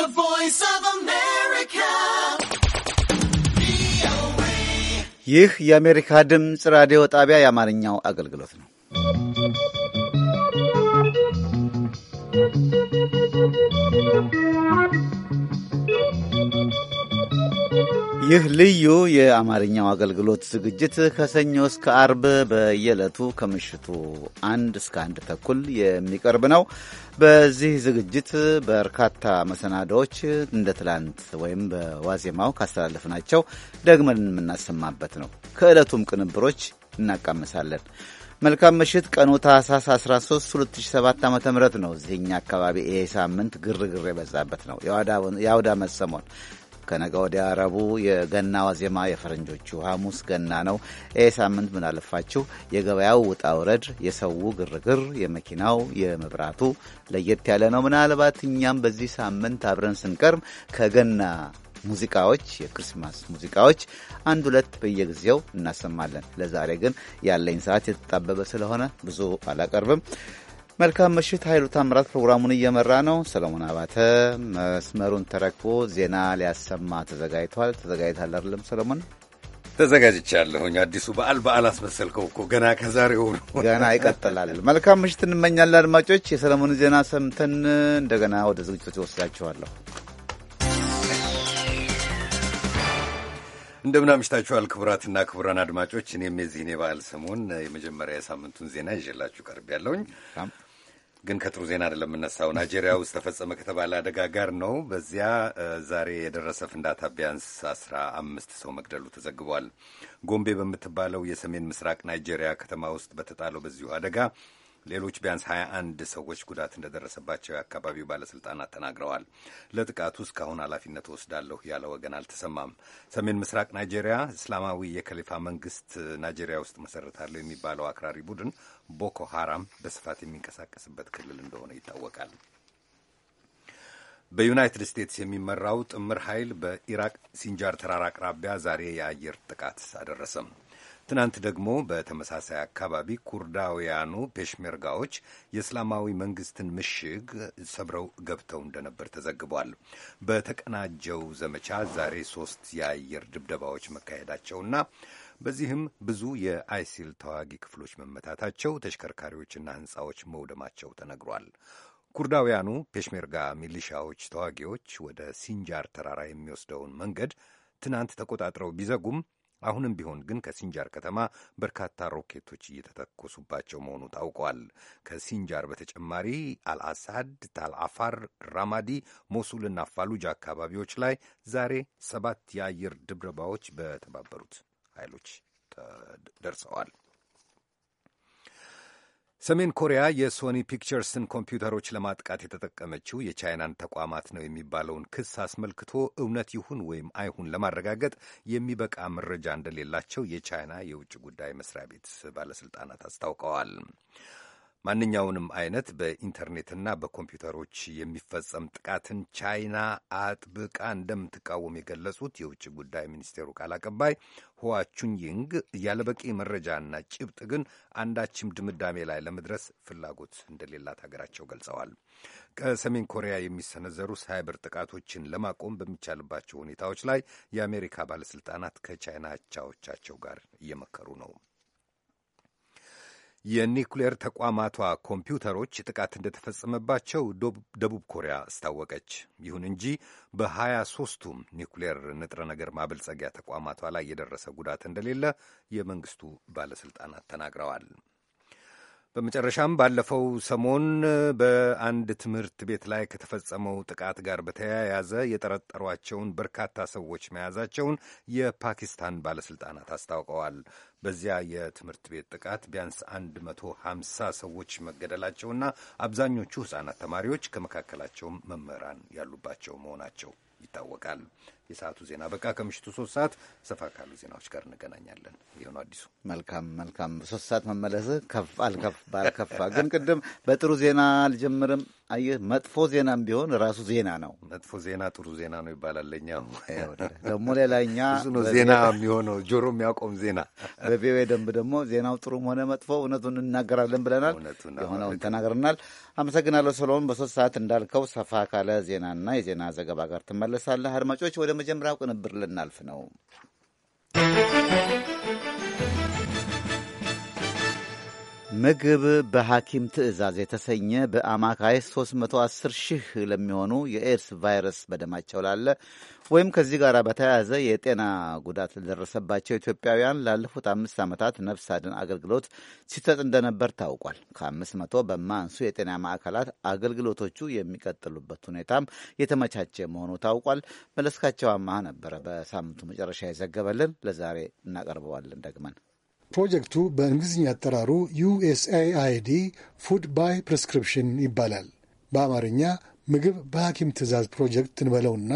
The Voice of America. ይህ የአሜሪካ ድምፅ ራዲዮ ጣቢያ የአማርኛው አገልግሎት ነው። ይህ ልዩ የአማርኛው አገልግሎት ዝግጅት ከሰኞ እስከ አርብ በየዕለቱ ከምሽቱ አንድ እስከ አንድ ተኩል የሚቀርብ ነው። በዚህ ዝግጅት በርካታ መሰናዳዎች እንደ ትላንት ወይም በዋዜማው ካስተላለፍናቸው ደግመን የምናሰማበት ነው። ከዕለቱም ቅንብሮች እናቃምሳለን። መልካም ምሽት። ቀኑ ታህሳስ 13 2007 ዓ ም ነው። እዚህኛ አካባቢ ይሄ ሳምንት ግርግር የበዛበት ነው። የአውዳ መሰሞን ከነገ ወዲያ አረቡ የገና ዋዜማ የፈረንጆቹ ሐሙስ ገና ነው። ይህ ሳምንት ምን አለፋችሁ የገበያው ውጣ ውረድ፣ የሰው ግርግር፣ የመኪናው የመብራቱ ለየት ያለ ነው። ምናልባት እኛም በዚህ ሳምንት አብረን ስንቀርብ ከገና ሙዚቃዎች የክርስማስ ሙዚቃዎች አንድ ሁለት በየጊዜው እናሰማለን። ለዛሬ ግን ያለኝ ሰዓት የተጣበበ ስለሆነ ብዙ አላቀርብም። መልካም ምሽት። ኃይሉ ታምራት ፕሮግራሙን እየመራ ነው። ሰለሞን አባተ መስመሩን ተረክቦ ዜና ሊያሰማ ተዘጋጅቷል። ተዘጋጅታል አይደለም ሰለሞን? ተዘጋጅቻለሁኝ። አዲሱ በዓል በዓል አስመሰልከው እኮ ገና ከዛሬው ገና ይቀጥላል። መልካም ምሽት እንመኛለን አድማጮች። የሰለሞን ዜና ሰምተን እንደገና ወደ ዝግጅቶች ይወስዳችኋለሁ። እንደምናምሽታችኋል ክቡራትና ክቡራን አድማጮች፣ እኔም የዚህን የበዓል ሰሞን የመጀመሪያ የሳምንቱን ዜና ይዤላችሁ ቀርብ ያለውኝ ግን ከጥሩ ዜና አይደለም የምነሳው። ናይጄሪያ ውስጥ ተፈጸመ ከተባለ አደጋ ጋር ነው። በዚያ ዛሬ የደረሰ ፍንዳታ ቢያንስ አስራ አምስት ሰው መግደሉ ተዘግቧል። ጎምቤ በምትባለው የሰሜን ምስራቅ ናይጄሪያ ከተማ ውስጥ በተጣለው በዚሁ አደጋ ሌሎች ቢያንስ 21 ሰዎች ጉዳት እንደደረሰባቸው የአካባቢው ባለስልጣናት ተናግረዋል። ለጥቃቱ እስካሁን ኃላፊነት ወስዳለሁ ያለ ወገን አልተሰማም። ሰሜን ምስራቅ ናይጄሪያ እስላማዊ የከሊፋ መንግስት ናይጄሪያ ውስጥ መሰረታለሁ የሚባለው አክራሪ ቡድን ቦኮ ሃራም በስፋት የሚንቀሳቀስበት ክልል እንደሆነ ይታወቃል። በዩናይትድ ስቴትስ የሚመራው ጥምር ኃይል በኢራቅ ሲንጃር ተራራ አቅራቢያ ዛሬ የአየር ጥቃት አደረሰም። ትናንት ደግሞ በተመሳሳይ አካባቢ ኩርዳውያኑ ፔሽሜርጋዎች የእስላማዊ መንግስትን ምሽግ ሰብረው ገብተው እንደነበር ተዘግቧል። በተቀናጀው ዘመቻ ዛሬ ሶስት የአየር ድብደባዎች መካሄዳቸውና በዚህም ብዙ የአይሲል ተዋጊ ክፍሎች መመታታቸው፣ ተሽከርካሪዎችና ህንፃዎች መውደማቸው ተነግሯል። ኩርዳውያኑ ፔሽሜርጋ ሚሊሻዎች ተዋጊዎች ወደ ሲንጃር ተራራ የሚወስደውን መንገድ ትናንት ተቆጣጥረው ቢዘጉም አሁንም ቢሆን ግን ከሲንጃር ከተማ በርካታ ሮኬቶች እየተተኮሱባቸው መሆኑ ታውቋል። ከሲንጃር በተጨማሪ አልአሳድ፣ ታልአፋር፣ ራማዲ፣ ሞሱልና ፋሉጃ አካባቢዎች ላይ ዛሬ ሰባት የአየር ድብረባዎች በተባበሩት ኃይሎች ደርሰዋል። ሰሜን ኮሪያ የሶኒ ፒክቸርስን ኮምፒውተሮች ለማጥቃት የተጠቀመችው የቻይናን ተቋማት ነው የሚባለውን ክስ አስመልክቶ እውነት ይሁን ወይም አይሁን ለማረጋገጥ የሚበቃ መረጃ እንደሌላቸው የቻይና የውጭ ጉዳይ መስሪያ ቤት ባለስልጣናት አስታውቀዋል። ማንኛውንም አይነት በኢንተርኔትና በኮምፒውተሮች የሚፈጸም ጥቃትን ቻይና አጥብቃ እንደምትቃወም የገለጹት የውጭ ጉዳይ ሚኒስቴሩ ቃል አቀባይ ሁዋ ቹንይንግ ያለበቂ መረጃና ጭብጥ ግን አንዳችም ድምዳሜ ላይ ለመድረስ ፍላጎት እንደሌላት ሀገራቸው ገልጸዋል። ከሰሜን ኮሪያ የሚሰነዘሩ ሳይበር ጥቃቶችን ለማቆም በሚቻልባቸው ሁኔታዎች ላይ የአሜሪካ ባለስልጣናት ከቻይና አቻዎቻቸው ጋር እየመከሩ ነው። የኒውክሌር ተቋማቷ ኮምፒውተሮች ጥቃት እንደተፈጸመባቸው ደቡብ ኮሪያ አስታወቀች። ይሁን እንጂ በሀያ ሦስቱም ኒውክሌር ንጥረ ነገር ማበልጸጊያ ተቋማቷ ላይ የደረሰ ጉዳት እንደሌለ የመንግስቱ ባለሥልጣናት ተናግረዋል። በመጨረሻም ባለፈው ሰሞን በአንድ ትምህርት ቤት ላይ ከተፈጸመው ጥቃት ጋር በተያያዘ የጠረጠሯቸውን በርካታ ሰዎች መያዛቸውን የፓኪስታን ባለሥልጣናት አስታውቀዋል። በዚያ የትምህርት ቤት ጥቃት ቢያንስ 150 ሰዎች መገደላቸውና አብዛኞቹ ሕፃናት ተማሪዎች፣ ከመካከላቸውም መምህራን ያሉባቸው መሆናቸው ይታወቃል። የሰዓቱ ዜና በቃ። ከምሽቱ ሶስት ሰዓት ሰፋ ካሉ ዜናዎች ጋር እንገናኛለን። ይሆኑ አዲሱ መልካም መልካም። ሶስት ሰዓት መመለስህ ከፍ አልከፍ ባልከፋ ግን ቅድም በጥሩ ዜና አልጀምርም አየህ መጥፎ ዜናም ቢሆን ራሱ ዜና ነው። መጥፎ ዜና ጥሩ ዜና ነው ይባላል። ለእኛ ደግሞ ሌላኛ ዜና የሚሆነው ጆሮ የሚያቆም ዜና። በቪኦኤ ደንብ ደግሞ ዜናው ጥሩም ሆነ መጥፎ እውነቱን እናገራለን ብለናል። የሆነውን ተናግረናል። አመሰግናለሁ ሰሎሞን። በሶስት ሰዓት እንዳልከው ሰፋ ካለ ዜናና የዜና ዘገባ ጋር ትመለሳለህ። አድማጮች፣ ወደ መጀመሪያው ቅንብር ልናልፍ ነው። ምግብ በሐኪም ትዕዛዝ የተሰኘ በአማካይ 310 ሺህ ለሚሆኑ የኤድስ ቫይረስ በደማቸው ላለ ወይም ከዚህ ጋር በተያያዘ የጤና ጉዳት ለደረሰባቸው ኢትዮጵያውያን ላለፉት አምስት ዓመታት ነፍስ አድን አገልግሎት ሲሰጥ እንደነበር ታውቋል። ከአምስት መቶ በማንሱ የጤና ማዕከላት አገልግሎቶቹ የሚቀጥሉበት ሁኔታም የተመቻቸ መሆኑ ታውቋል። መለስካቸው አማሃ ነበረ በሳምንቱ መጨረሻ የዘገበልን። ለዛሬ እናቀርበዋለን ደግመን ፕሮጀክቱ በእንግሊዝኛ አጠራሩ ዩኤስኤአይዲ ፉድ ባይ ፕሪስክሪፕሽን ይባላል። በአማርኛ ምግብ በሐኪም ትእዛዝ ፕሮጀክት እንበለውና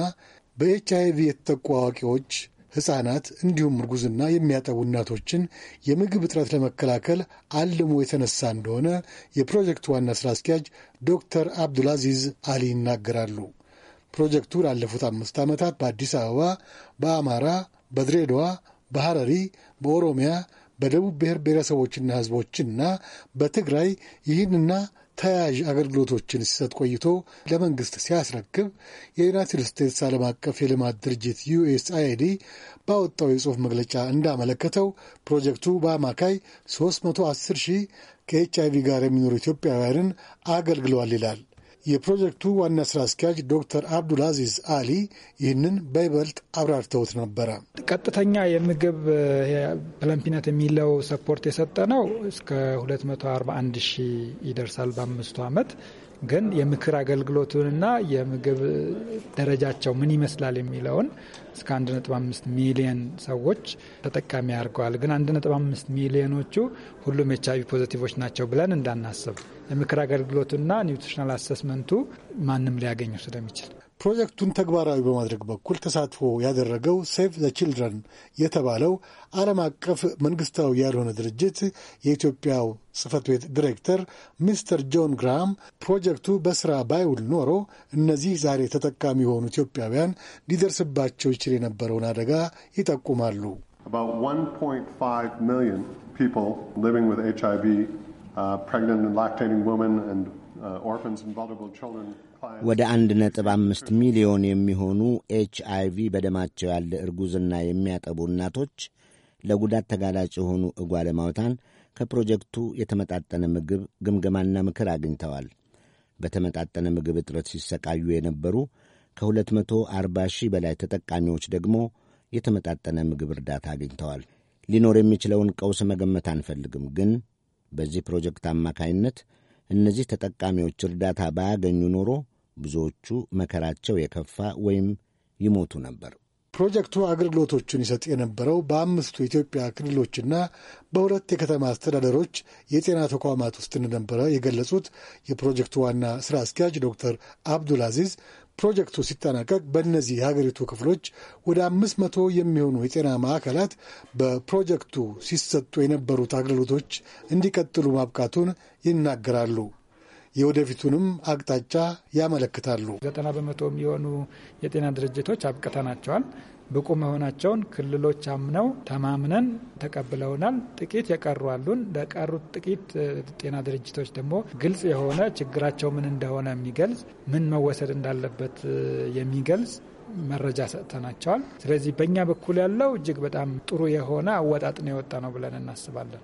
በኤች አይቪ የተጠቁ አዋቂዎች፣ ሕፃናት እንዲሁም እርጉዝና የሚያጠቡ እናቶችን የምግብ እጥረት ለመከላከል አልሞ የተነሳ እንደሆነ የፕሮጀክቱ ዋና ሥራ አስኪያጅ ዶክተር አብዱልአዚዝ አሊ ይናገራሉ። ፕሮጀክቱ ላለፉት አምስት ዓመታት በአዲስ አበባ፣ በአማራ፣ በድሬዳዋ፣ በሐረሪ፣ በኦሮሚያ በደቡብ ብሔር ብሔረሰቦችና ሕዝቦችና በትግራይ ይህንና ተያያዥ አገልግሎቶችን ሲሰጥ ቆይቶ ለመንግስት ሲያስረክብ የዩናይትድ ስቴትስ ዓለም አቀፍ የልማት ድርጅት ዩኤስአይዲ ባወጣው የጽሑፍ መግለጫ እንዳመለከተው ፕሮጀክቱ በአማካይ 310 ሺህ ከኤች አይቪ ጋር የሚኖሩ ኢትዮጵያውያንን አገልግሏል ይላል። የፕሮጀክቱ ዋና ስራ አስኪያጅ ዶክተር አብዱል አዚዝ አሊ ይህንን በይበልጥ አብራርተውት ነበረ። ቀጥተኛ የምግብ ፕለምፒነት የሚለው ሰፖርት የሰጠ ነው እስከ 241 ሺህ ይደርሳል በአምስቱ ዓመት ግን የምክር አገልግሎቱንና የምግብ ደረጃቸው ምን ይመስላል የሚለውን እስከ 1.5 ሚሊየን ሰዎች ተጠቃሚ ያደርገዋል። ግን 1.5 ሚሊዮኖቹ ሁሉም ኤች አይቪ ፖዘቲቮች ናቸው ብለን እንዳናስብ የምክር አገልግሎቱና ኒውትሪሽናል አሰስመንቱ ማንም ሊያገኘው ስለሚችል ፕሮጀክቱን ተግባራዊ በማድረግ በኩል ተሳትፎ ያደረገው ሴቭ ዘ ችልድረን የተባለው ዓለም አቀፍ መንግስታዊ ያልሆነ ድርጅት የኢትዮጵያው ጽህፈት ቤት ዲሬክተር ሚስተር ጆን ግራም ፕሮጀክቱ በስራ ባይውል ኖሮ እነዚህ ዛሬ ተጠቃሚ የሆኑ ኢትዮጵያውያን ሊደርስባቸው ይችል የነበረውን አደጋ ይጠቁማሉ። ወደ አንድ ነጥብ አምስት ሚሊዮን የሚሆኑ ኤች አይ ቪ በደማቸው ያለ እርጉዝና የሚያጠቡ እናቶች፣ ለጉዳት ተጋላጭ የሆኑ እጓለማውታን ከፕሮጀክቱ የተመጣጠነ ምግብ ግምገማና ምክር አግኝተዋል። በተመጣጠነ ምግብ እጥረት ሲሰቃዩ የነበሩ ከ240 ሺህ በላይ ተጠቃሚዎች ደግሞ የተመጣጠነ ምግብ እርዳታ አግኝተዋል። ሊኖር የሚችለውን ቀውስ መገመት አንፈልግም፣ ግን በዚህ ፕሮጀክት አማካይነት እነዚህ ተጠቃሚዎች እርዳታ ባያገኙ ኖሮ ብዙዎቹ መከራቸው የከፋ ወይም ይሞቱ ነበር። ፕሮጀክቱ አገልግሎቶቹን ይሰጥ የነበረው በአምስቱ የኢትዮጵያ ክልሎችና በሁለት የከተማ አስተዳደሮች የጤና ተቋማት ውስጥ እንደነበረ የገለጹት የፕሮጀክቱ ዋና ስራ አስኪያጅ ዶክተር አብዱል አዚዝ ፕሮጀክቱ ሲጠናቀቅ በእነዚህ የሀገሪቱ ክፍሎች ወደ አምስት መቶ የሚሆኑ የጤና ማዕከላት በፕሮጀክቱ ሲሰጡ የነበሩት አገልግሎቶች እንዲቀጥሉ ማብቃቱን ይናገራሉ። የወደፊቱንም አቅጣጫ ያመለክታሉ። ዘጠና በመቶ የሚሆኑ የጤና ድርጅቶች አብቅተናቸዋል። ብቁ መሆናቸውን ክልሎች አምነው ተማምነን ተቀብለውናል። ጥቂት የቀሩ አሉን። ለቀሩት ጥቂት ጤና ድርጅቶች ደግሞ ግልጽ የሆነ ችግራቸው ምን እንደሆነ የሚገልጽ ምን መወሰድ እንዳለበት የሚገልጽ መረጃ ሰጥተናቸዋል። ስለዚህ በእኛ በኩል ያለው እጅግ በጣም ጥሩ የሆነ አወጣጥ ነው የወጣ ነው ብለን እናስባለን።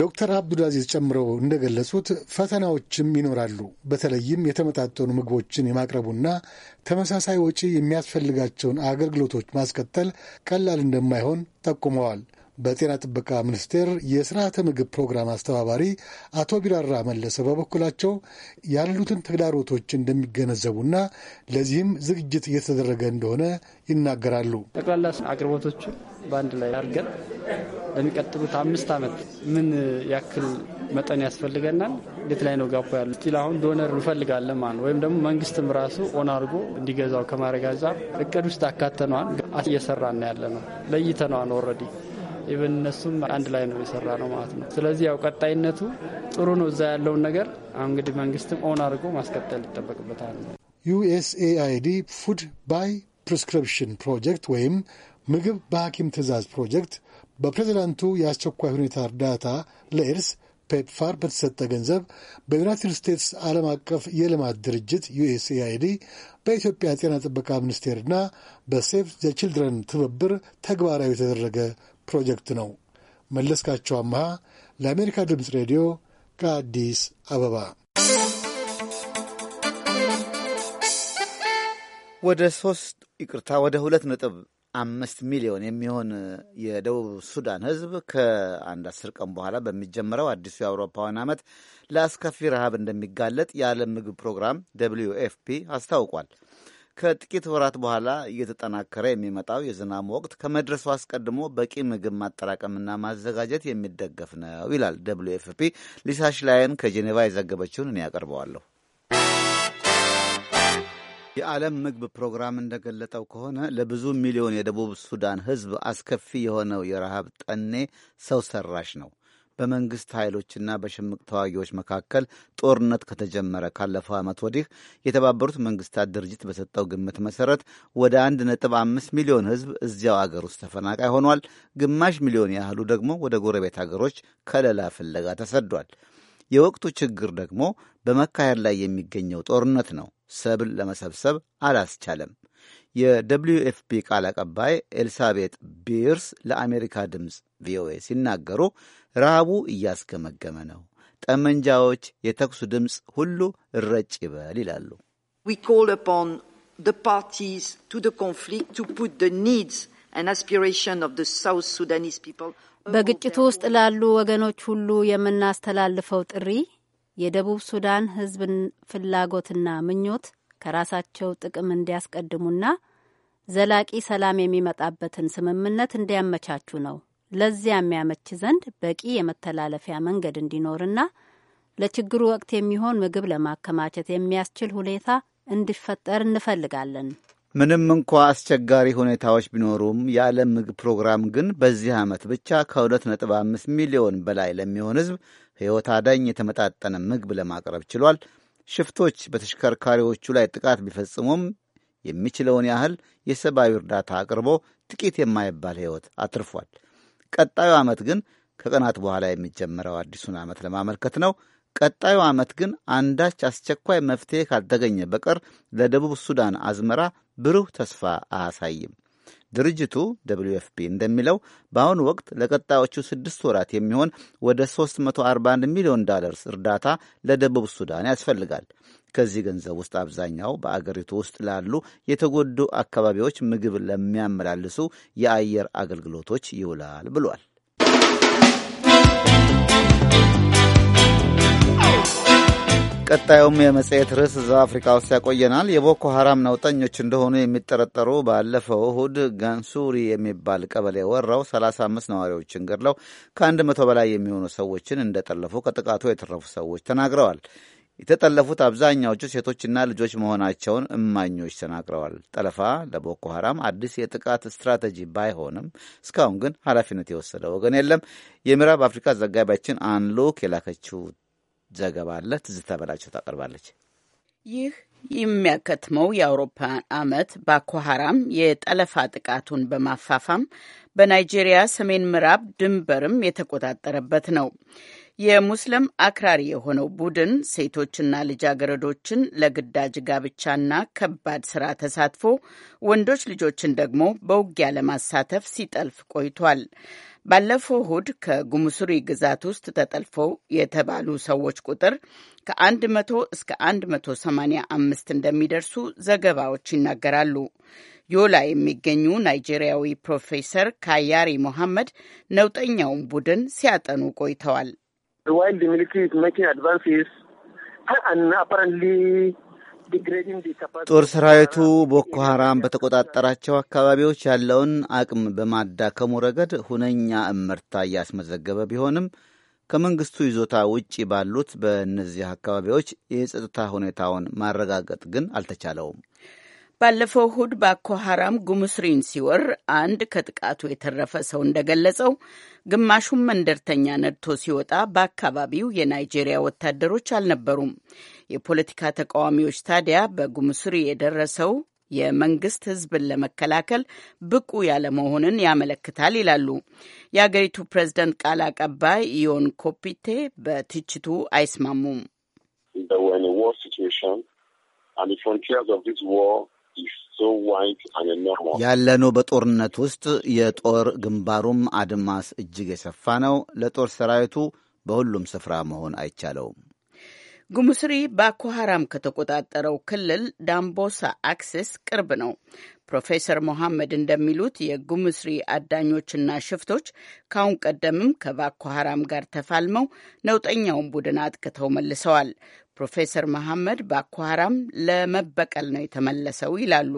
ዶክተር አብዱልአዚዝ ጨምረው እንደገለጹት ፈተናዎችም ይኖራሉ። በተለይም የተመጣጠኑ ምግቦችን የማቅረቡና ተመሳሳይ ወጪ የሚያስፈልጋቸውን አገልግሎቶች ማስቀጠል ቀላል እንደማይሆን ጠቁመዋል። በጤና ጥበቃ ሚኒስቴር የስርዓተ ምግብ ፕሮግራም አስተባባሪ አቶ ቢራራ መለሰ በበኩላቸው ያሉትን ተግዳሮቶች እንደሚገነዘቡና ለዚህም ዝግጅት እየተደረገ እንደሆነ ይናገራሉ። ጠቅላላ አቅርቦቶች በአንድ ላይ አድርገን ለሚቀጥሉት አምስት ዓመት ምን ያክል መጠን ያስፈልገናል፣ እንዴት ላይ ነው ጋፖ ያለ ስቲል አሁን ዶነር እንፈልጋለን ማለት ወይም ደግሞ መንግስትም ራሱ ኦን አድርጎ እንዲገዛው አንጻር እቅድ ውስጥ አካተነዋል። እየሰራና ያለ ነው ለይተነዋል ኦልሬዲ ኢቨን እነሱም አንድ ላይ ነው የሰራ ነው ማለት ነው። ስለዚህ ያው ቀጣይነቱ ጥሩ ነው። እዛ ያለውን ነገር አሁን እንግዲህ መንግስትም ኦን አድርጎ ማስቀጠል ይጠበቅበታል። ዩኤስኤአይዲ ፉድ ባይ ፕሪስክሪፕሽን ፕሮጀክት ወይም ምግብ በሐኪም ትእዛዝ ፕሮጀክት በፕሬዚዳንቱ የአስቸኳይ ሁኔታ እርዳታ ለኤድስ ፔፕፋር በተሰጠ ገንዘብ በዩናይትድ ስቴትስ ዓለም አቀፍ የልማት ድርጅት ዩኤስኤአይዲ በኢትዮጵያ ጤና ጥበቃ ሚኒስቴርና በሴቭ ዘ ችልድረን ትብብር ተግባራዊ የተደረገ ፕሮጀክት ነው። መለስካቸው አምሃ ለአሜሪካ ድምፅ ሬዲዮ ከአዲስ አበባ። ወደ ሶስት ይቅርታ ወደ ሁለት ነጥብ አምስት ሚሊዮን የሚሆን የደቡብ ሱዳን ህዝብ ከአንድ አስር ቀን በኋላ በሚጀምረው አዲሱ የአውሮፓውያን ዓመት ለአስከፊ ረሃብ እንደሚጋለጥ የዓለም ምግብ ፕሮግራም ደብልዩ ኤፍፒ አስታውቋል። ከጥቂት ወራት በኋላ እየተጠናከረ የሚመጣው የዝናብ ወቅት ከመድረሱ አስቀድሞ በቂ ምግብ ማጠራቀምና ማዘጋጀት የሚደገፍ ነው ይላል ደብሊው ኤፍ ፒ። ሊሳሽ ላይን ከጄኔቫ የዘገበችውን እኔ ያቀርበዋለሁ። የዓለም ምግብ ፕሮግራም እንደገለጠው ከሆነ ለብዙ ሚሊዮን የደቡብ ሱዳን ሕዝብ አስከፊ የሆነው የረሃብ ጠኔ ሰው ሰራሽ ነው። በመንግስት ኃይሎችና በሽምቅ ተዋጊዎች መካከል ጦርነት ከተጀመረ ካለፈው ዓመት ወዲህ የተባበሩት መንግስታት ድርጅት በሰጠው ግምት መሰረት ወደ 1.5 ሚሊዮን ህዝብ እዚያው አገር ውስጥ ተፈናቃይ ሆኗል። ግማሽ ሚሊዮን ያህሉ ደግሞ ወደ ጎረቤት አገሮች ከለላ ፍለጋ ተሰዷል። የወቅቱ ችግር ደግሞ በመካሄድ ላይ የሚገኘው ጦርነት ነው። ሰብል ለመሰብሰብ አላስቻለም። የደብሊዩ ኤፍፒ ቃል አቀባይ ኤልሳቤጥ ቢርስ ለአሜሪካ ድምፅ ቪኦኤ ሲናገሩ ረሃቡ እያስገመገመ ነው፣ ጠመንጃዎች፣ የተኩሱ ድምፅ ሁሉ እረጭ ይበል ይላሉ። በግጭቱ ውስጥ ላሉ ወገኖች ሁሉ የምናስተላልፈው ጥሪ የደቡብ ሱዳን ሕዝብን ፍላጎትና ምኞት ከራሳቸው ጥቅም እንዲያስቀድሙና ዘላቂ ሰላም የሚመጣበትን ስምምነት እንዲያመቻቹ ነው። ለዚያ የሚያመች ዘንድ በቂ የመተላለፊያ መንገድ እንዲኖርና ለችግሩ ወቅት የሚሆን ምግብ ለማከማቸት የሚያስችል ሁኔታ እንዲፈጠር እንፈልጋለን። ምንም እንኳ አስቸጋሪ ሁኔታዎች ቢኖሩም የዓለም ምግብ ፕሮግራም ግን በዚህ ዓመት ብቻ ከ2.5 ሚሊዮን በላይ ለሚሆን ሕዝብ ሕይወት አዳኝ የተመጣጠነ ምግብ ለማቅረብ ችሏል። ሽፍቶች በተሽከርካሪዎቹ ላይ ጥቃት ቢፈጽሙም የሚችለውን ያህል የሰብአዊ እርዳታ አቅርቦ ጥቂት የማይባል ሕይወት አትርፏል። ቀጣዩ ዓመት ግን ከቀናት በኋላ የሚጀመረው አዲሱን ዓመት ለማመልከት ነው። ቀጣዩ ዓመት ግን አንዳች አስቸኳይ መፍትሄ ካልተገኘ በቀር ለደቡብ ሱዳን አዝመራ ብሩህ ተስፋ አያሳይም። ድርጅቱ ደብልዩ ኤፍ ፒ እንደሚለው በአሁኑ ወቅት ለቀጣዮቹ ስድስት ወራት የሚሆን ወደ 341 ሚሊዮን ዳለርስ እርዳታ ለደቡብ ሱዳን ያስፈልጋል። ከዚህ ገንዘብ ውስጥ አብዛኛው በአገሪቱ ውስጥ ላሉ የተጎዱ አካባቢዎች ምግብ ለሚያመላልሱ የአየር አገልግሎቶች ይውላል ብሏል። ቀጣዩም የመጽሔት ርዕስ እዛው አፍሪካ ውስጥ ያቆየናል። የቦኮ ሐራም ነውጠኞች እንደሆኑ የሚጠረጠሩ ባለፈው እሁድ ጋንሱሪ የሚባል ቀበሌ ወረው 35 ነዋሪዎችን ገድለው ከአንድ መቶ በላይ የሚሆኑ ሰዎችን እንደጠለፉ ከጥቃቱ የተረፉ ሰዎች ተናግረዋል። የተጠለፉት አብዛኛዎቹ ሴቶችና ልጆች መሆናቸውን እማኞች ተናግረዋል። ጠለፋ ለቦኮ ሐራም አዲስ የጥቃት ስትራቴጂ ባይሆንም እስካሁን ግን ኃላፊነት የወሰደ ወገን የለም። የምዕራብ አፍሪካ ዘጋቢያችን አንሉክ የላከችው ዘገባ አለ። ትዝታ በላቸው ታቀርባለች። ይህ የሚያከትመው የአውሮፓ ዓመት ቦኮ ሐራም የጠለፋ ጥቃቱን በማፋፋም በናይጄሪያ ሰሜን ምዕራብ ድንበርም የተቆጣጠረበት ነው። የሙስሊም አክራሪ የሆነው ቡድን ሴቶችና ልጃገረዶችን ለግዳጅ ጋብቻና ከባድ ስራ ተሳትፎ፣ ወንዶች ልጆችን ደግሞ በውጊያ ለማሳተፍ ሲጠልፍ ቆይቷል። ባለፈው እሁድ ከጉምሱሪ ግዛት ውስጥ ተጠልፈው የተባሉ ሰዎች ቁጥር ከ100 እስከ 185 እንደሚደርሱ ዘገባዎች ይናገራሉ። ዮላ የሚገኙ ናይጄሪያዊ ፕሮፌሰር ካያሪ ሞሐመድ ነውጠኛውን ቡድን ሲያጠኑ ቆይተዋል። while the military is making advances and apparently ጦር ሰራዊቱ ቦኮ ሀራም በተቆጣጠራቸው አካባቢዎች ያለውን አቅም በማዳከሙ ረገድ ሁነኛ እመርታ እያስመዘገበ ቢሆንም ከመንግስቱ ይዞታ ውጪ ባሉት በእነዚህ አካባቢዎች የጸጥታ ሁኔታውን ማረጋገጥ ግን አልተቻለውም። ባለፈው እሁድ ባኮ ሐራም ጉሙስሪን ሲወር አንድ ከጥቃቱ የተረፈ ሰው እንደገለጸው ግማሹም መንደርተኛ ነድቶ ሲወጣ በአካባቢው የናይጄሪያ ወታደሮች አልነበሩም። የፖለቲካ ተቃዋሚዎች ታዲያ በጉሙስሪ የደረሰው የመንግስት ህዝብን ለመከላከል ብቁ ያለመሆንን ያመለክታል ይላሉ። የአገሪቱ ፕሬዝደንት ቃል አቀባይ ኢዮን ኮፒቴ በትችቱ አይስማሙም። ያለነው በጦርነት ውስጥ የጦር ግንባሩም አድማስ እጅግ የሰፋ ነው። ለጦር ሰራዊቱ በሁሉም ስፍራ መሆን አይቻለውም። ጉሙስሪ ባኮ ከተቆጣጠረው ክልል ዳምቦሳ አክሴስ ቅርብ ነው። ፕሮፌሰር ሞሐመድ እንደሚሉት የጉሙስሪ አዳኞችና ሽፍቶች ካሁን ቀደምም ከባኮ ጋር ተፋልመው ነውጠኛውን ቡድን አጥቅተው መልሰዋል። ፕሮፌሰር መሐመድ በአኳራም ለመበቀል ነው የተመለሰው ይላሉ።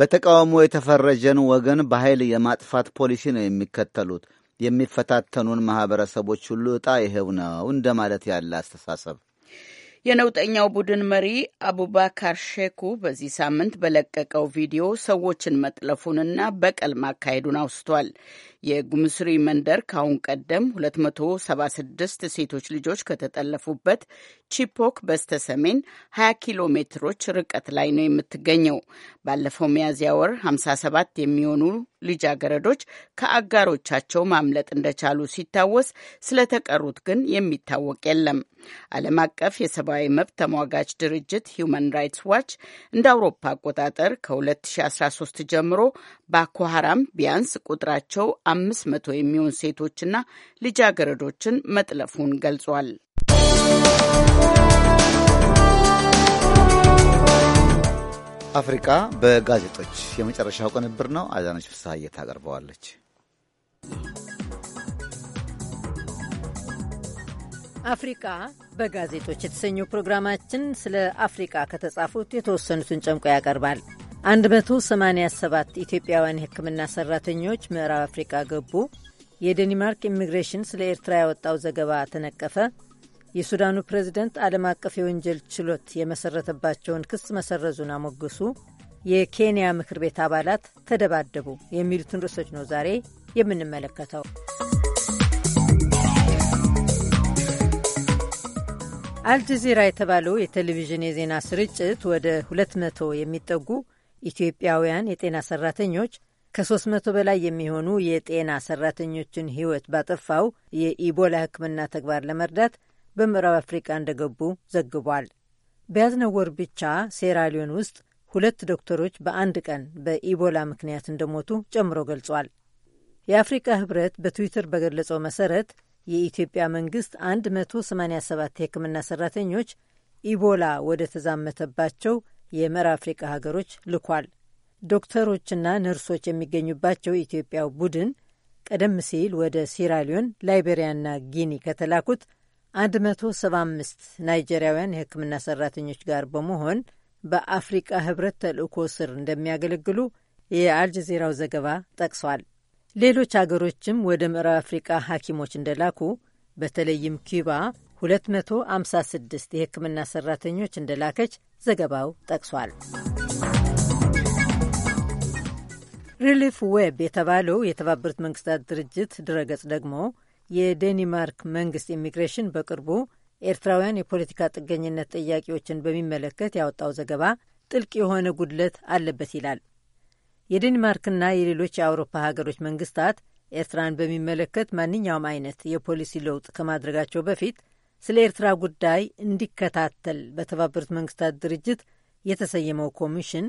በተቃውሞ የተፈረጀን ወገን በኃይል የማጥፋት ፖሊሲ ነው የሚከተሉት። የሚፈታተኑን ማህበረሰቦች ሁሉ እጣ ይሄው ነው እንደማለት ያለ አስተሳሰብ የነውጠኛው ቡድን መሪ አቡባካር ሼኩ በዚህ ሳምንት በለቀቀው ቪዲዮ ሰዎችን መጥለፉንና በቀል ማካሄዱን አውስቷል። የጉምስሪ መንደር ከአሁን ቀደም 276 ሴቶች ልጆች ከተጠለፉበት ቺፖክ በስተሰሜን 20 ኪሎ ሜትሮች ርቀት ላይ ነው የምትገኘው። ባለፈው ሚያዝያ ወር 57 የሚሆኑ ልጃገረዶች ከአጋሮቻቸው ማምለጥ እንደቻሉ ሲታወስ፣ ስለተቀሩት ግን የሚታወቅ የለም። ዓለም አቀፍ የሰብአዊ መብት ተሟጋች ድርጅት ሂዩማን ራይትስ ዋች እንደ አውሮፓ አቆጣጠር ከ2013 ጀምሮ ባኮ ሀራም ቢያንስ ቁጥራቸው አምስት መቶ የሚሆን ሴቶችና ልጃገረዶችን መጥለፉን ገልጿል። አፍሪቃ በጋዜጦች የመጨረሻው ቅንብር ነው። አዛነች ፍስሐዬ ታቀርበዋለች። አፍሪቃ በጋዜጦች የተሰኘው ፕሮግራማችን ስለ አፍሪቃ ከተጻፉት የተወሰኑትን ጨምቆ ያቀርባል። 187 ኢትዮጵያውያን የሕክምና ሰራተኞች ምዕራብ አፍሪቃ ገቡ፣ የዴንማርክ ኢሚግሬሽን ስለ ኤርትራ ያወጣው ዘገባ ተነቀፈ፣ የሱዳኑ ፕሬዝደንት ዓለም አቀፍ የወንጀል ችሎት የመሰረተባቸውን ክስ መሰረዙን አሞገሱ፣ የኬንያ ምክር ቤት አባላት ተደባደቡ የሚሉትን ርዕሶች ነው ዛሬ የምንመለከተው። አልጀዚራ የተባለው የቴሌቪዥን የዜና ስርጭት ወደ 200 የሚጠጉ ኢትዮጵያውያን የጤና ሰራተኞች ከ300 በላይ የሚሆኑ የጤና ሰራተኞችን ሕይወት ባጠፋው የኢቦላ ሕክምና ተግባር ለመርዳት በምዕራብ አፍሪቃ እንደገቡ ዘግቧል። በያዝነው ወር ብቻ ሴራሊዮን ውስጥ ሁለት ዶክተሮች በአንድ ቀን በኢቦላ ምክንያት እንደሞቱ ጨምሮ ገልጿል። የአፍሪቃ ህብረት በትዊተር በገለጸው መሰረት የኢትዮጵያ መንግስት 187 የህክምና ሰራተኞች ኢቦላ ወደ ተዛመተባቸው የምዕራብ አፍሪካ ሀገሮች ልኳል። ዶክተሮችና ነርሶች የሚገኙባቸው የኢትዮጵያው ቡድን ቀደም ሲል ወደ ሲራሊዮን፣ ላይቤሪያና ጊኒ ከተላኩት 175 ናይጄሪያውያን የሕክምና ሰራተኞች ጋር በመሆን በአፍሪቃ ህብረት ተልእኮ ስር እንደሚያገለግሉ የአልጀዚራው ዘገባ ጠቅሷል። ሌሎች አገሮችም ወደ ምዕራብ አፍሪቃ ሐኪሞች እንደላኩ በተለይም ኪዩባ 256 የሕክምና ሰራተኞች እንደላከች ዘገባው ጠቅሷል። ሪሊፍ ዌብ የተባለው የተባበሩት መንግስታት ድርጅት ድረገጽ ደግሞ የዴኒማርክ መንግስት ኢሚግሬሽን በቅርቡ ኤርትራውያን የፖለቲካ ጥገኝነት ጥያቄዎችን በሚመለከት ያወጣው ዘገባ ጥልቅ የሆነ ጉድለት አለበት ይላል። የዴንማርክና የሌሎች የአውሮፓ ሀገሮች መንግስታት ኤርትራን በሚመለከት ማንኛውም አይነት የፖሊሲ ለውጥ ከማድረጋቸው በፊት ስለ ኤርትራ ጉዳይ እንዲከታተል በተባበሩት መንግስታት ድርጅት የተሰየመው ኮሚሽን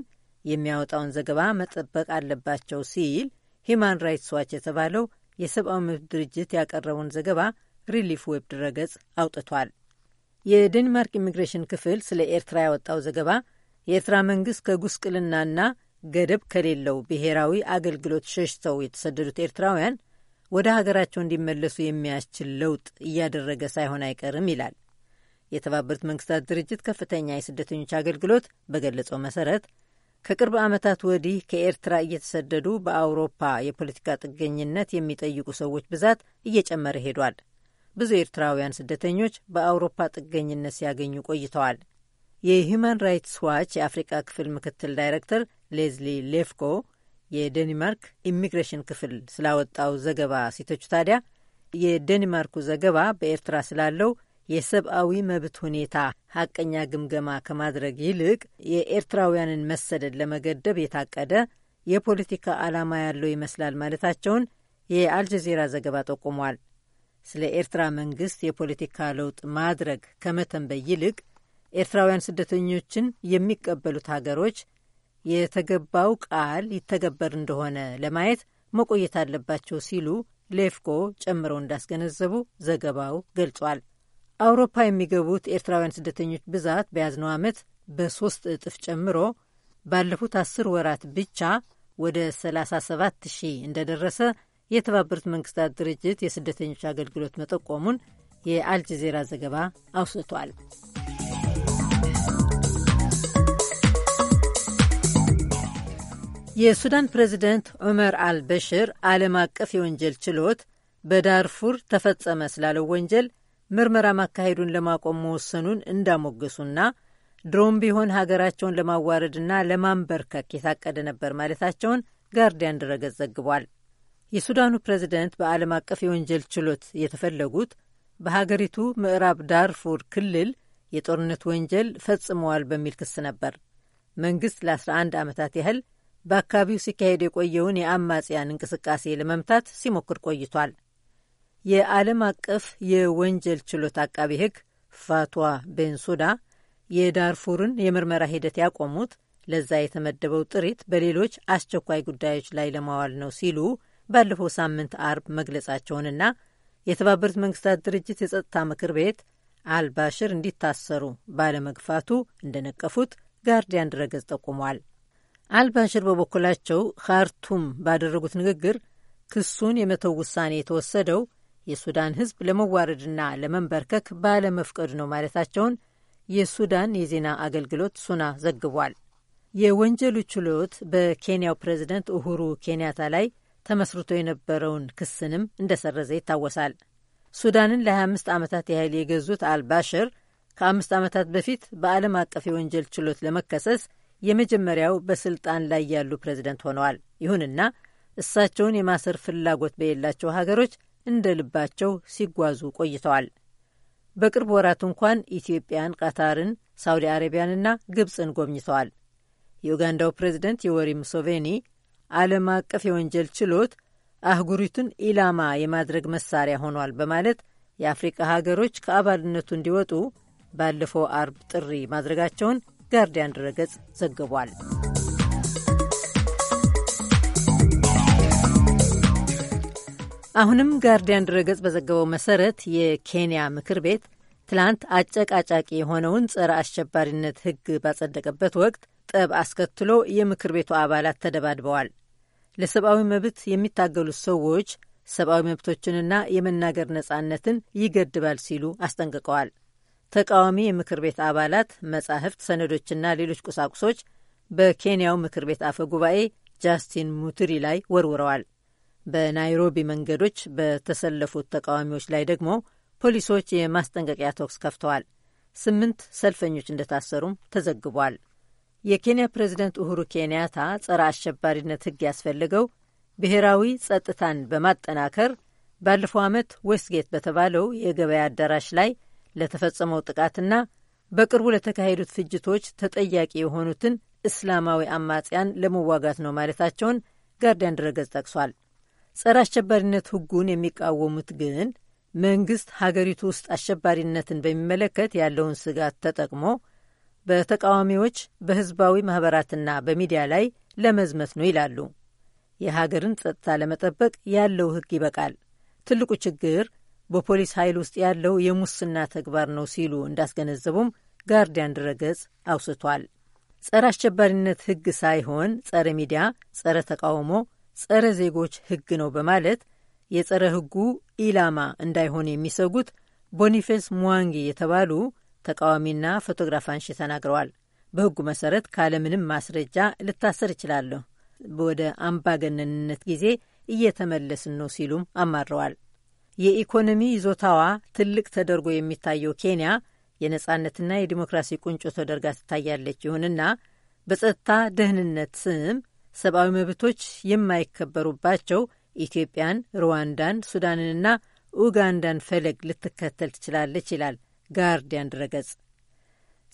የሚያወጣውን ዘገባ መጠበቅ አለባቸው ሲል ሂማን ራይትስ ዋች የተባለው የሰብአዊ መብት ድርጅት ያቀረበውን ዘገባ ሪሊፍ ዌብ ድረገጽ አውጥቷል። የዴንማርክ ኢሚግሬሽን ክፍል ስለ ኤርትራ ያወጣው ዘገባ የኤርትራ መንግስት ከጉስቅልናና ገደብ ከሌለው ብሔራዊ አገልግሎት ሸሽተው የተሰደዱት ኤርትራውያን ወደ ሀገራቸው እንዲመለሱ የሚያስችል ለውጥ እያደረገ ሳይሆን አይቀርም ይላል። የተባበሩት መንግስታት ድርጅት ከፍተኛ የስደተኞች አገልግሎት በገለጸው መሰረት ከቅርብ ዓመታት ወዲህ ከኤርትራ እየተሰደዱ በአውሮፓ የፖለቲካ ጥገኝነት የሚጠይቁ ሰዎች ብዛት እየጨመረ ሄዷል። ብዙ ኤርትራውያን ስደተኞች በአውሮፓ ጥገኝነት ሲያገኙ ቆይተዋል። የሂዩማን ራይትስ ዋች የአፍሪቃ ክፍል ምክትል ዳይሬክተር ሌዝሊ ሌፍኮ የዴንማርክ ኢሚግሬሽን ክፍል ስላወጣው ዘገባ ሲተቹ ታዲያ የዴንማርኩ ዘገባ በኤርትራ ስላለው የሰብአዊ መብት ሁኔታ ሀቀኛ ግምገማ ከማድረግ ይልቅ የኤርትራውያንን መሰደድ ለመገደብ የታቀደ የፖለቲካ ዓላማ ያለው ይመስላል ማለታቸውን የአልጀዚራ ዘገባ ጠቁሟል። ስለ ኤርትራ መንግስት የፖለቲካ ለውጥ ማድረግ ከመተንበይ ይልቅ ኤርትራውያን ስደተኞችን የሚቀበሉት ሀገሮች የተገባው ቃል ይተገበር እንደሆነ ለማየት መቆየት አለባቸው ሲሉ ሌፍኮ ጨምረው እንዳስገነዘቡ ዘገባው ገልጿል። አውሮፓ የሚገቡት ኤርትራውያን ስደተኞች ብዛት በያዝነው ዓመት በሦስት እጥፍ ጨምሮ ባለፉት አስር ወራት ብቻ ወደ 37 ሺህ እንደደረሰ የተባበሩት መንግስታት ድርጅት የስደተኞች አገልግሎት መጠቆሙን የአልጀዜራ ዘገባ አውስቷል። የሱዳን ፕሬዚደንት ዑመር አልበሽር ዓለም አቀፍ የወንጀል ችሎት በዳርፉር ተፈጸመ ስላለው ወንጀል ምርመራ ማካሄዱን ለማቆም መወሰኑን እንዳሞገሱና ድሮም ቢሆን ሀገራቸውን ለማዋረድና ለማንበርከክ የታቀደ ነበር ማለታቸውን ጋርዲያን ድረገጽ ዘግቧል። የሱዳኑ ፕሬዚደንት በዓለም አቀፍ የወንጀል ችሎት የተፈለጉት በሀገሪቱ ምዕራብ ዳርፉር ክልል የጦርነት ወንጀል ፈጽመዋል በሚል ክስ ነበር። መንግሥት ለ11 ዓመታት ያህል በአካባቢው ሲካሄድ የቆየውን የአማጽያን እንቅስቃሴ ለመምታት ሲሞክር ቆይቷል። የዓለም አቀፍ የወንጀል ችሎት አቃቢ ሕግ ፋቷ ቤንሱዳ የዳርፉርን የምርመራ ሂደት ያቆሙት ለዛ የተመደበው ጥሪት በሌሎች አስቸኳይ ጉዳዮች ላይ ለማዋል ነው ሲሉ ባለፈው ሳምንት አርብ መግለጻቸውንና የተባበሩት መንግስታት ድርጅት የጸጥታ ምክር ቤት አልባሽር እንዲታሰሩ ባለመግፋቱ እንደነቀፉት ጋርዲያን ድረገጽ ጠቁሟል። አልባሽር በበኩላቸው ካርቱም ባደረጉት ንግግር ክሱን የመተው ውሳኔ የተወሰደው የሱዳን ሕዝብ ለመዋረድና ለመንበርከክ ባለመፍቀዱ ነው ማለታቸውን የሱዳን የዜና አገልግሎት ሱና ዘግቧል። የወንጀሉ ችሎት በኬንያው ፕሬዝደንት ኡሁሩ ኬንያታ ላይ ተመስርቶ የነበረውን ክስንም እንደሰረዘ ይታወሳል። ሱዳንን ለ25 ዓመታት ያህል የገዙት አልባሽር ከአምስት ዓመታት በፊት በዓለም አቀፍ የወንጀል ችሎት ለመከሰስ የመጀመሪያው በስልጣን ላይ ያሉ ፕሬዝደንት ሆነዋል። ይሁንና እሳቸውን የማሰር ፍላጎት በሌላቸው ሀገሮች እንደ ልባቸው ሲጓዙ ቆይተዋል። በቅርብ ወራት እንኳን ኢትዮጵያን፣ ቃታርን፣ ሳውዲ አረቢያንና ግብፅን ጎብኝተዋል። የኡጋንዳው ፕሬዝደንት የወሪ ሙሴቬኒ ዓለም አቀፍ የወንጀል ችሎት አህጉሪቱን ኢላማ የማድረግ መሳሪያ ሆኗል በማለት የአፍሪቃ ሀገሮች ከአባልነቱ እንዲወጡ ባለፈው አርብ ጥሪ ማድረጋቸውን ጋርዲያን ድረገጽ ዘግቧል። አሁንም ጋርዲያን ድረገጽ በዘገበው መሰረት የኬንያ ምክር ቤት ትላንት አጨቃጫቂ የሆነውን ጸረ አሸባሪነት ሕግ ባጸደቀበት ወቅት ጠብ አስከትሎ የምክር ቤቱ አባላት ተደባድበዋል። ለሰብአዊ መብት የሚታገሉት ሰዎች ሰብአዊ መብቶችንና የመናገር ነጻነትን ይገድባል ሲሉ አስጠንቅቀዋል። ተቃዋሚ የምክር ቤት አባላት መጻሕፍት፣ ሰነዶችና ሌሎች ቁሳቁሶች በኬንያው ምክር ቤት አፈ ጉባኤ ጃስቲን ሙቱሪ ላይ ወርውረዋል። በናይሮቢ መንገዶች በተሰለፉት ተቃዋሚዎች ላይ ደግሞ ፖሊሶች የማስጠንቀቂያ ተኩስ ከፍተዋል። ስምንት ሰልፈኞች እንደታሰሩም ተዘግቧል። የኬንያ ፕሬዚደንት ኡሁሩ ኬንያታ ጸረ አሸባሪነት ሕግ ያስፈልገው ብሔራዊ ጸጥታን በማጠናከር ባለፈው ዓመት ዌስትጌት በተባለው የገበያ አዳራሽ ላይ ለተፈጸመው ጥቃትና በቅርቡ ለተካሄዱት ፍጅቶች ተጠያቂ የሆኑትን እስላማዊ አማጽያን ለመዋጋት ነው ማለታቸውን ጋርዲያን ድረገጽ ጠቅሷል። ጸረ አሸባሪነት ሕጉን የሚቃወሙት ግን መንግስት ሀገሪቱ ውስጥ አሸባሪነትን በሚመለከት ያለውን ስጋት ተጠቅሞ በተቃዋሚዎች በህዝባዊ ማኅበራትና በሚዲያ ላይ ለመዝመት ነው ይላሉ። የሀገርን ጸጥታ ለመጠበቅ ያለው ሕግ ይበቃል። ትልቁ ችግር በፖሊስ ኃይል ውስጥ ያለው የሙስና ተግባር ነው ሲሉ እንዳስገነዘቡም ጋርዲያን ድረገጽ አውስቷል። ጸረ አሸባሪነት ህግ ሳይሆን ጸረ ሚዲያ፣ ጸረ ተቃውሞ፣ ጸረ ዜጎች ህግ ነው በማለት የጸረ ህጉ ኢላማ እንዳይሆን የሚሰጉት ቦኒፌስ ሙዋንጊ የተባሉ ተቃዋሚና ፎቶግራፍ አንሺ ተናግረዋል። በህጉ መሰረት ካለምንም ማስረጃ ልታሰር እችላለሁ፣ ወደ አምባገነንነት ጊዜ እየተመለስን ነው ሲሉም አማረዋል። የኢኮኖሚ ይዞታዋ ትልቅ ተደርጎ የሚታየው ኬንያ የነጻነትና የዲሞክራሲ ቁንጮ ተደርጋ ትታያለች። ይሁንና በጸጥታ ደህንነት ስም ሰብአዊ መብቶች የማይከበሩባቸው ኢትዮጵያን፣ ሩዋንዳን፣ ሱዳንንና ኡጋንዳን ፈለግ ልትከተል ትችላለች ይላል ጋርዲያን ድረገጽ።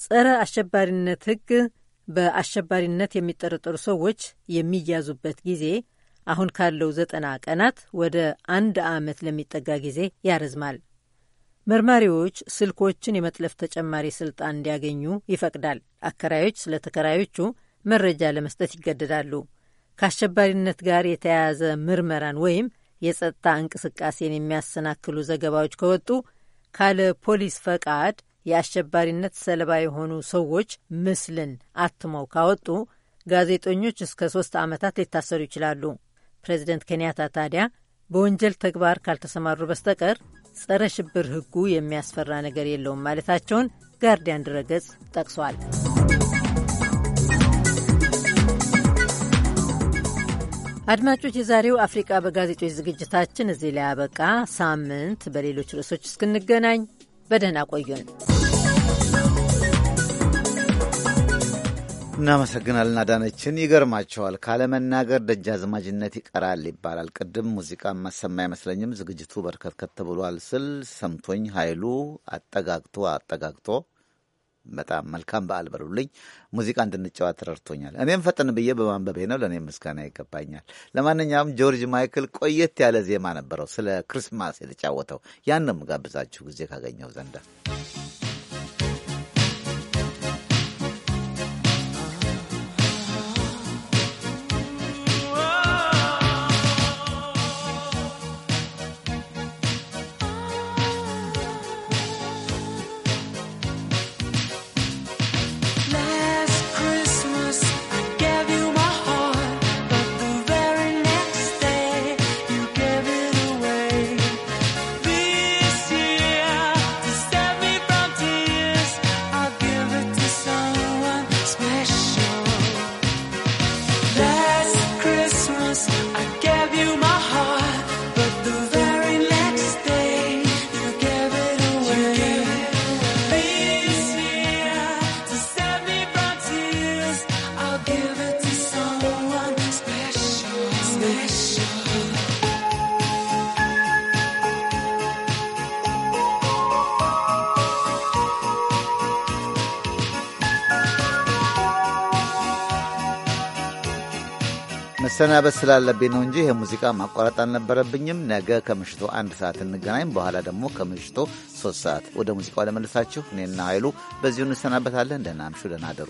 ጸረ አሸባሪነት ሕግ በአሸባሪነት የሚጠረጠሩ ሰዎች የሚያዙበት ጊዜ አሁን ካለው ዘጠና ቀናት ወደ አንድ ዓመት ለሚጠጋ ጊዜ ያረዝማል። መርማሪዎች ስልኮችን የመጥለፍ ተጨማሪ ስልጣን እንዲያገኙ ይፈቅዳል። አከራዮች ስለ ተከራዮቹ መረጃ ለመስጠት ይገደዳሉ። ከአሸባሪነት ጋር የተያያዘ ምርመራን ወይም የጸጥታ እንቅስቃሴን የሚያሰናክሉ ዘገባዎች ከወጡ ካለ ፖሊስ ፈቃድ የአሸባሪነት ሰለባ የሆኑ ሰዎች ምስልን አትመው ካወጡ ጋዜጠኞች እስከ ሶስት ዓመታት ሊታሰሩ ይችላሉ። ፕሬዚደንት ኬንያታ ታዲያ በወንጀል ተግባር ካልተሰማሩ በስተቀር ጸረ ሽብር ሕጉ የሚያስፈራ ነገር የለውም ማለታቸውን ጋርዲያን ድረገጽ ጠቅሷል። አድማጮች፣ የዛሬው አፍሪቃ በጋዜጦች ዝግጅታችን እዚህ ላይ ያበቃ። ሳምንት በሌሎች ርዕሶች እስክንገናኝ በደህና ቆዩን። እናመሰግናልና ዳነችን። ይገርማቸዋል ካለመናገር ደጃዝማጅነት ይቀራል ይባላል። ቅድም ሙዚቃ ማሰማ አይመስለኝም ዝግጅቱ በርከትከት ብሏል ስል ሰምቶኝ ኃይሉ አጠጋግቶ አጠጋግቶ በጣም መልካም በዓል በሉልኝ። ሙዚቃ እንድንጫወት ረድቶኛል። እኔም ፈጥን ብዬ በማንበቤ ነው። ለእኔ ምስጋና ይገባኛል። ለማንኛውም ጆርጅ ማይክል ቆየት ያለ ዜማ ነበረው ስለ ክርስማስ የተጫወተው። ያን ነው የምጋብዛችሁ ጊዜ ካገኘው ዘንዳ መሰናበት ስላለብኝ ነው እንጂ ይህ ሙዚቃ ማቋረጥ አልነበረብኝም። ነገ ከምሽቱ አንድ ሰዓት እንገናኝ። በኋላ ደግሞ ከምሽቱ ሶስት ሰዓት ወደ ሙዚቃው ለመልሳችሁ እኔና ኃይሉ በዚሁ እንሰናበታለን። ደህና አምሹ፣ ደህና አደሩ።